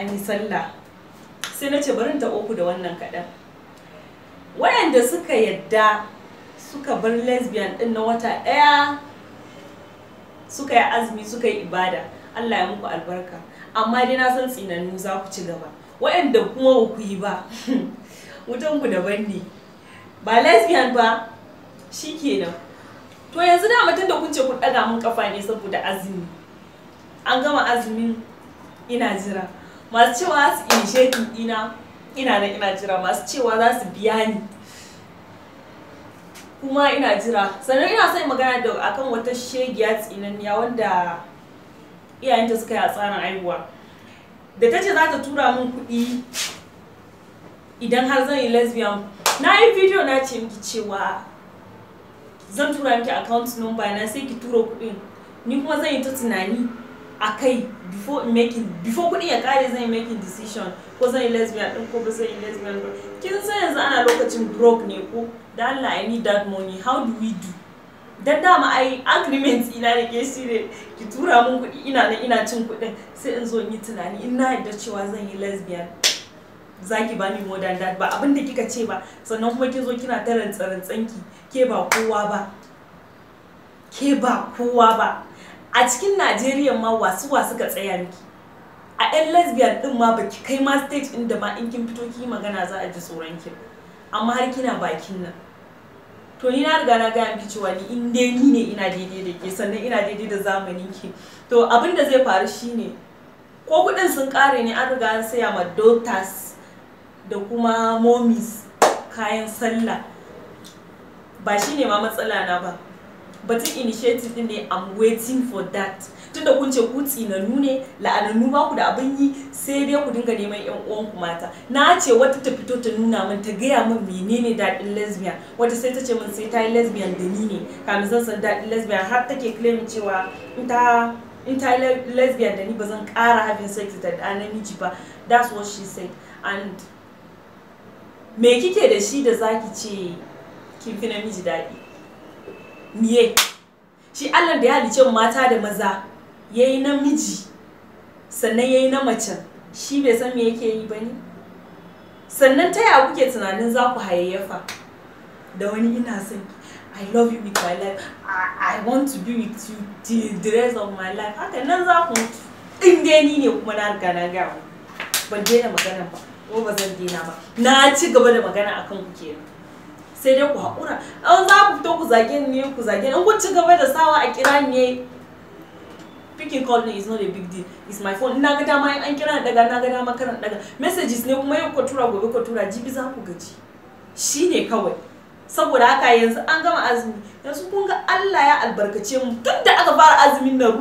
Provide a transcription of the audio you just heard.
an yi sallah sai na ce barin ta uku da wannan kaɗan waɗanda suka yadda suka bar lesbian ɗin na wata ɗaya suka yi azumi suka yi ibada Allah ya muku albarka amma dai na san tsinannu za ku ci gaba waɗanda kuma ba ku yi ba mutum ku daban ne ba lesbian ba shi kenan to yanzu da mutum da kun ce ku ɗaga mun kafa ne saboda azumi an gama azumin ina jira masu cewa su shekin ina ina nan ina jira masu cewa za su biya ni kuma ina jira sannan ina son magana da akan wata shegiya ya wanda iyayenta suka yi a tsarin aihuwa da ta ce za ta tura min kuɗi idan har zan yi lesbian na yi video na ce miki cewa zan tura miki account number na sai ki tura kuɗin ni kuma zan yi ta tunani a kai before making before kuɗi ya kare zan yi making decision ko zan yi lesbian ɗin ko ba zan yi lesbian ba kin san yanzu ana lokacin broke ne ko da Allah I need that money how do we do dan dama ai agreement ina ne ke shire ki tura mun kuɗi ina nan ina cin kuɗin sai in zo in yi tunani in na yarda cewa zan yi lesbian zaki bani more than that ba abin da kika ce ba sannan kuma kin zo kina ta rantsanki ke ba kowa ba ke ba kowa ba a cikin najeriya ma wasu wasu ka tsaya miki a yan lesbian ɗin ma baki kai ma stage da ma in kin fito ki magana za a ji tsoron ki amma har kina bakin nan to ni na riga na gaya miki cewa ni in dai ni ne ina daidai da ke sannan ina daidai da zamanin ki to abin da zai faru shine ko kudin sun kare ne an riga an saya ma daughters da kuma momis kayan sallah ba shine ma matsala na ba batun initiative din ne i'm waiting for that tunda kun ce ku tsinannu ne la'anannu ba ku da abin yi sai dai ku dinga neman yan uwan ku mata na ce wata ta fito ta nuna min ta gaya min menene daɗin lesbian wata sai ta ce min sai ta yi lesbian da ni ne kamin zan san daɗin lesbian har take claim cewa in ta in ta yi lesbian da ni ba zan ƙara having sex da namiji ba that's what she said and me kike da shi da zaki ce kin fi namiji daɗi miye shi allah da ya halice mata da maza ya yi namiji sannan ya yi na mace shi bai san me yake yi ba ne sannan ta yaya kuke tunanin za ku hayayyafa da wani ina son ki i love you with my life i, I want to be with you the, the rest of my life haka nan za ku in dai ni ne kuma na ga na gaya ban daina magana ba ko ba zan daina ba na ci gaba da magana akan ku kenan sai dai ku haƙura an za ku fito ku zage ni ku zage ni in ku ci gaba da sawa a kira ni picking call ne is not a big deal is my phone na ga dama an kira daga na ga dama karan daga messages ne kuma yau ku tura gobe ku tura jibi za ku gaji shine kawai saboda haka yanzu an gama azumi yanzu kun ga Allah ya albarkace mu tun da aka fara azumin nan